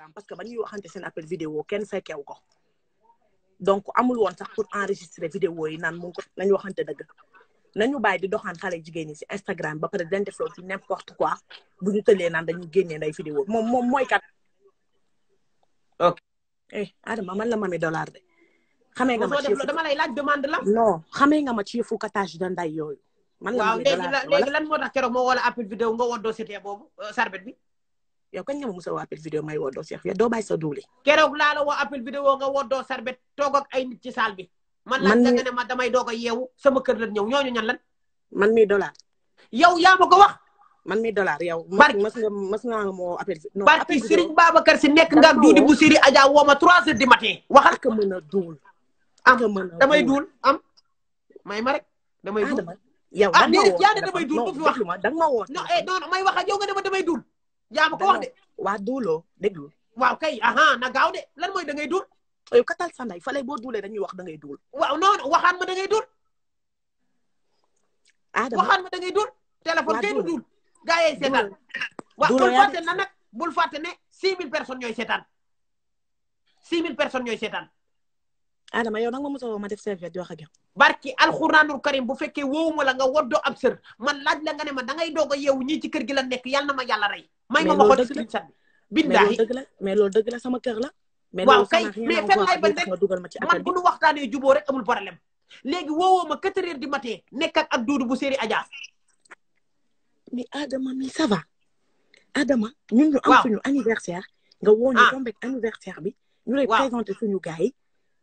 programme parce que ba ñuy waxante seen appel vidéo kenn fekkeew ko donc amul woon sax pour enregistrer vidéo yi naan mu ngi ko nañu waxante dëgg nañu bàyyi di doxaan xale jigéen ñi si Instagram ba pare dañ def loolu ci n'importe quoi bu ñu tëlee naan dañuy génnee nday moom moom mooy kat. ok eh Adama man la mami dollar de. xamee nga ma ci dama lay laaj demande la. non xamee nga ma ci nday yooyu. man la mami dollar de waaw léegi lan moo tax keroog moo wala appel vidéo nga woon dossier boobu euh, sarbet bi. yow kañ nga ma musa woo appel vidéo may woddoo sa duuli. keroog la woo sarbet toog ay nit ci saal bi. man lan da nga ne ma damay doog a yeewu sama kër lan ñëw ñooñu ñan lan. man mi ma ko wax. man mi dollar yow. barke mas nga ma woo appel. non appel vidéo barke Serigne si nekk nga ak duudi bu Siri Adja ma trois heures du matin. waxal ko mën a am may ma rek damay ah, duul. yow ah, da nga ma woo yaa ne damay duul bu fi wax. non da nga ma woo eh, non non may wax a yow nga ne ma damay duul. yaa ma ko wax de. waa duuloo déglu. waaw kay aha na gaaw de lan mooy da ngay duul. yow katal sa ndey fale boo duulee dañuy wax da ngay duul. waaw non waxaan ma da ngay duul. Adama waxaan ma da ngay duul. téléphone kay du duul. gaa yee seetaan. fàtte na nag bul fàtte ne 6000 personnes ñooy seetaan 6000 personnes ñooy seetaan. Adama yow nag moom mosoo ma def serviette di wax ak yow. barki alxuraanul karim bu fekkee nga woddoo ab sër man laaj la nga ne ma da ngay doog a yeewu ñii ci kër gi la nekk yal na ma yàlla rey. may ma ma xool screenshot bi. bindaahi mais loolu dëgg la sama kër la. waaw kay mais fekk lay bañ rek man bu nu waxtaanee juboo rek amul problème. léegi woowoo ma quatre heures du matin nekk ak ak duudu bu séeri Adja. mais Adama mi ça va. Adama ñun ñu am suñu anniversaire. nga woo ñu ah. tombé anniversaire bi. ñu lay présenté suñu gars yi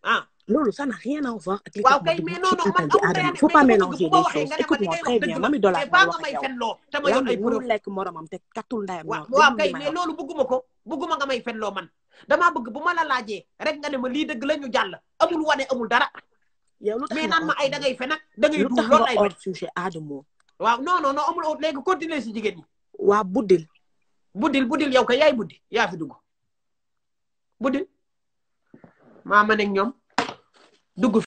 ah. loolu ça n'a a à voir ak li waaw kay mais non non man aw faut pas mélanger les choses écoute-moi très bien mami Dollar ma wax ak yow yaa ngi mënul lekk moromam te kattul ndayam waaw kay mais loolu bëgguma ko bëgguma nga may fenloo man damaa bëgg bu ma la laajee rek nga ne ma lii dëgg la ñu jàll amul wane amul dara yow ma tax mais naan ma ay da ngay fen ak da ngay dul loolu ay hors sujet Adamo waaw non non non amul o léegi continuer si jigéen ñi waa buddil buddil buddil yow kay yaay buddi yaa fi dugg buddil ma ne ñoom dugg